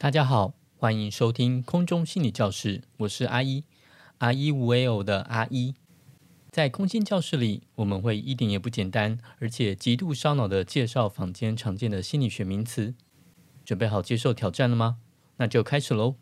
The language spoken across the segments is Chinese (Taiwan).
大家好，歡迎收聽空中心理教室，我是阿一，阿一無為偶的阿一。在空中教室裡，我們會一點也不簡單，而且極度燒腦地介紹坊間常見的心理學名詞。準備好接受挑戰了嗎？那就開始嘍。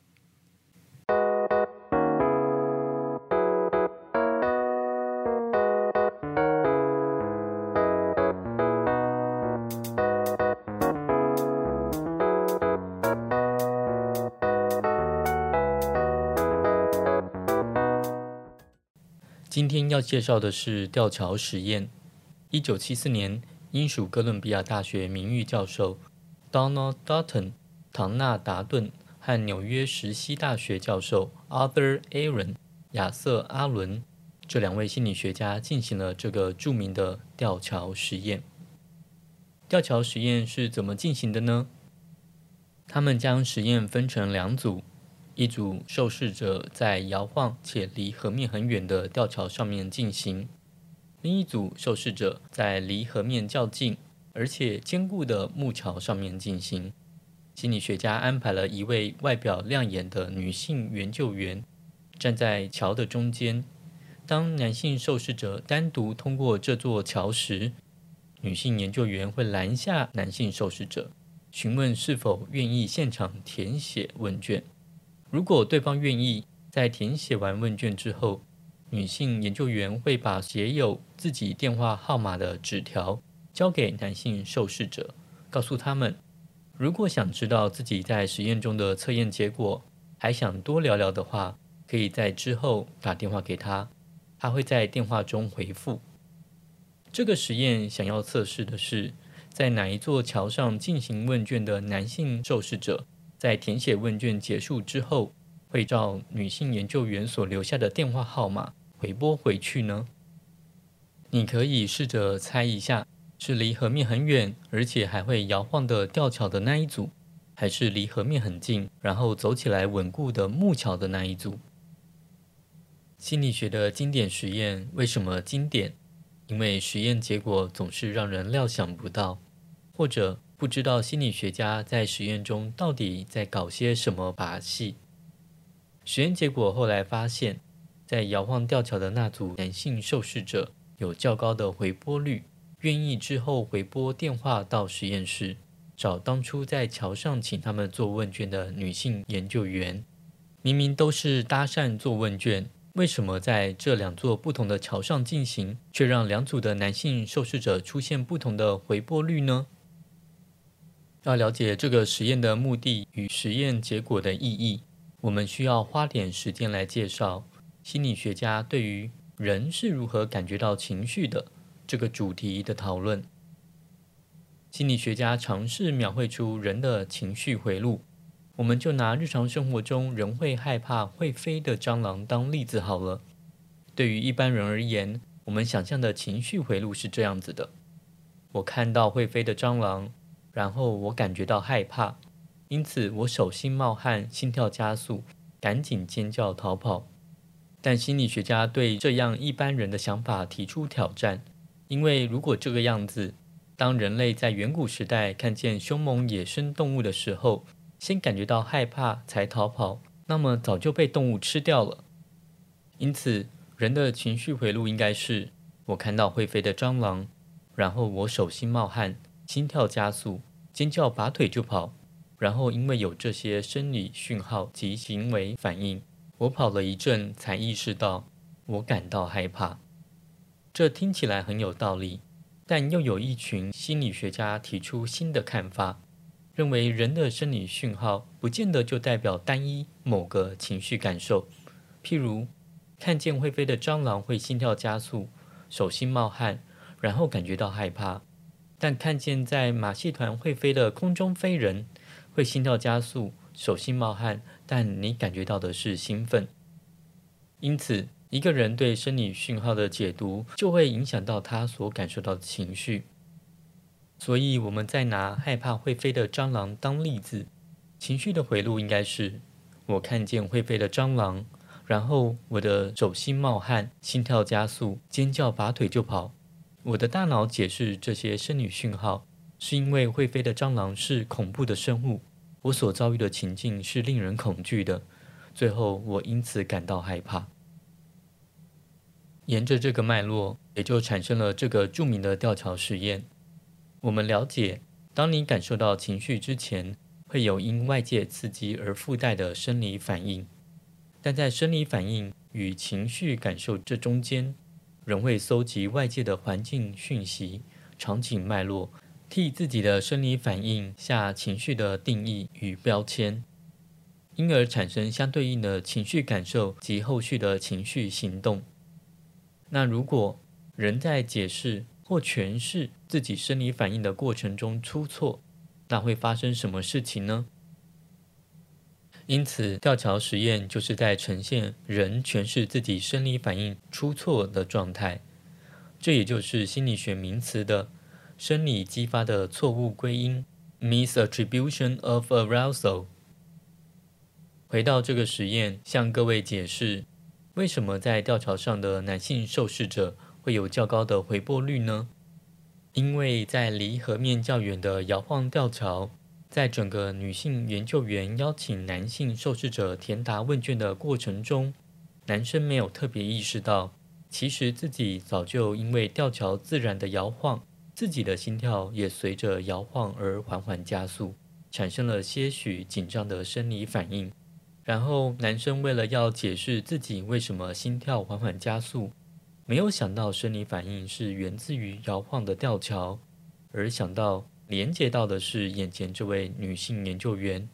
今天要介紹的是吊橋實驗。一九七四年，英屬哥倫比亞大學名譽教授 Donald Dutton（ 唐納·達頓）和紐約石溪大學教授 Arthur Aron（ 亞瑟·阿倫）這兩位心理學家進行了這個著名的吊橋實驗。吊橋實驗是怎麼進行的呢？他們將實驗分成兩組。一組受試者在搖晃且離河面很遠的吊橋上面進行，另一組受試者在離河面較近而且堅固的木橋上面進行。心理學家安排了一位外表亮眼的女性研究員站在橋的中間。當男性受試者單獨通過這座橋時，女性研究員會攔下男性受試者，詢問是否願意現場填寫問卷。如果對方願意，在填寫完問卷之後，女性研究員會把寫有自己電話號碼的紙條交給男性受試者，告訴他們，如果想知道自己在實驗中的測驗結果，還想多聊聊的話，可以在之後打電話給他，他會在電話中回復。這個實驗想要測試的是，在哪一座橋上進行問卷的男性受試者。在填寫問卷結束之後，會照女性研究員所留下的電話號碼回撥回去呢？你可以試着猜一下，是離河面很遠而且還會搖晃的弔橋的那一組，還是離河面很近然後走起來穩固的木橋的那一組？心理學的經典實驗為什麼經典？因為實驗結果總是讓人料想不到，或者。不知道心理學家在實驗中到底在搞些什麼把戲。實驗結果後來發現，在搖晃吊橋的那組男性受試者有較高的回撥率，願意之後回撥電話到實驗室找當初在橋上請他們做問卷的女性研究員。明明都是搭訕做問卷，為什麼在這兩座不同的橋上進行，卻讓兩組的男性受試者出現不同的回撥率呢？要了解這個實驗的目的與實驗結果的意義，我們需要花點時間來介紹心理學家對於人是如何感覺到情緒的這個主題的討論。心理學家嘗試描繪出人的情緒回路，我們就拿日常生活中人會害怕會飛的蟑螂當例子好了。對於一般人而言，我們想象的情緒回路是這樣子的：我看到會飛的蟑螂。然後我感覺到害怕，因此我手心冒汗，心跳加速，趕緊尖叫逃跑。但心理學家對這樣一般人的想法提出挑戰，因為如果這個樣子，當人類在遠古時代看見兇猛野生動物的時候，先感覺到害怕才逃跑，那麼早就被動物吃掉了。因此，人的情緒回路應該是：我看到會飛的蟑螂，然後我手心冒汗，心跳加速。尖叫，拔腿就跑，然後因為有這些生理訊號及行為反應，我跑了一陣才意識到我感到害怕。這聽起來很有道理，但又有一群心理學家提出新的看法，認為人的生理訊號不見得就代表單一某個情緒感受。譬如，看見會飛的蟑螂會心跳加速、手心冒汗，然後感覺到害怕。但看見在馬戲團會飛的空中飛人，會心跳加速、手心冒汗，但你感覺到的是興奮。因此，一個人對生理訊號的解讀就會影響到他所感受到的情緒。所以，我們再拿害怕會飛的蟑螂當例子，情緒的回路應該是：我看見會飛的蟑螂，然後我的手心冒汗、心跳加速、尖叫、拔腿就跑。我的大腦解釋這些生理訊號，是因為會飛的蟑螂是恐怖的生物，我所遭遇的情境是令人恐懼的，最後我因此感到害怕。沿着這個脈絡，也就產生了這個著名的吊橋實驗。我們了解，當你感受到情緒之前，會有因外界刺激而附帶的生理反應，但在生理反應與情緒感受這中間。人會蒐集外界的環境訊息、場景脈絡，替自己的生理反應下情緒的定義與標籤，因而產生相對應的情緒感受及後續的情緒行動。那如果人在解釋或詮釋自己生理反應的過程中出錯，那會發生什麼事情呢？因此，吊橋實驗就是在呈現人詮釋自己生理反應出錯的狀態。這也就是心理學名詞的“生理激發的錯誤歸因 ”（misattribution of arousal）。回到這個實驗，向各位解釋為什麼在吊橋上的男性受試者會有較高的回撥率呢？因為在離河面較遠的搖晃吊橋。在整個女性研究員邀請男性受試者填答問卷的過程中，男生沒有特別意識到，其實自己早就因為吊橋自然的搖晃，自己的心跳也隨着搖晃而緩緩加速，產生了些許緊張的生理反應。然後，男生為了要解釋自己為什麼心跳緩緩加速，沒有想到生理反應是源自於搖晃的吊橋，而想到。連接到的是眼前這位女性研究員，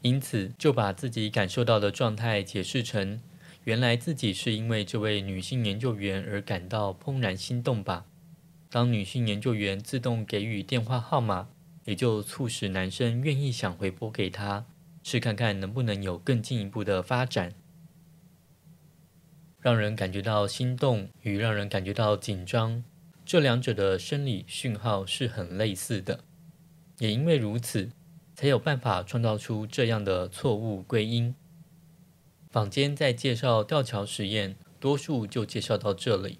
因此就把自己感受到的狀態解釋成：原來自己是因為這位女性研究員而感到怦然心動吧。當女性研究員自動給予電話號碼，也就促使男生願意想回撥給她，試看看能不能有更進一步的發展。讓人感覺到心動與讓人感覺到緊張，這兩者的生理訊號是很類似的。也因為如此，才有辦法創造出這樣的錯誤歸因。坊間在介紹吊橋實驗，多數就介紹到這裡，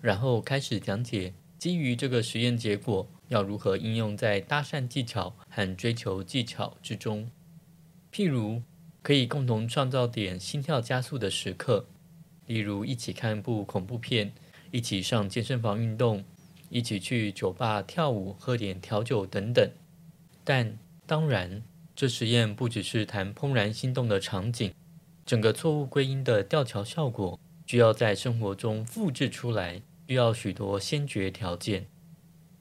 然後開始講解基於這個實驗結果要如何應用在搭訕技巧和追求技巧之中。譬如，可以共同創造點心跳加速的時刻，例如一起看部恐怖片，一起上健身房運動，一起去酒吧跳舞，喝點調酒等等。但當然，這實驗不只是談怦然心動的場景，整個錯誤歸因的吊橋效果需要在生活中複製出來，需要許多先決條件。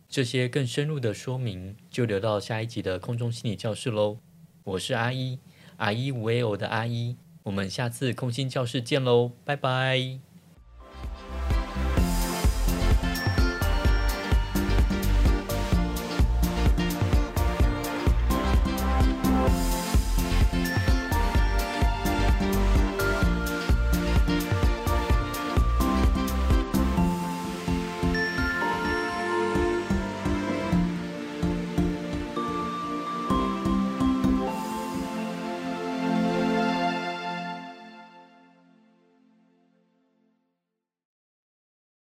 這些更深入的說明就留到下一集的空中心理教室嘍。我是阿一，阿一無尾鷗的阿一，我們下次空心教室見嘍，拜拜。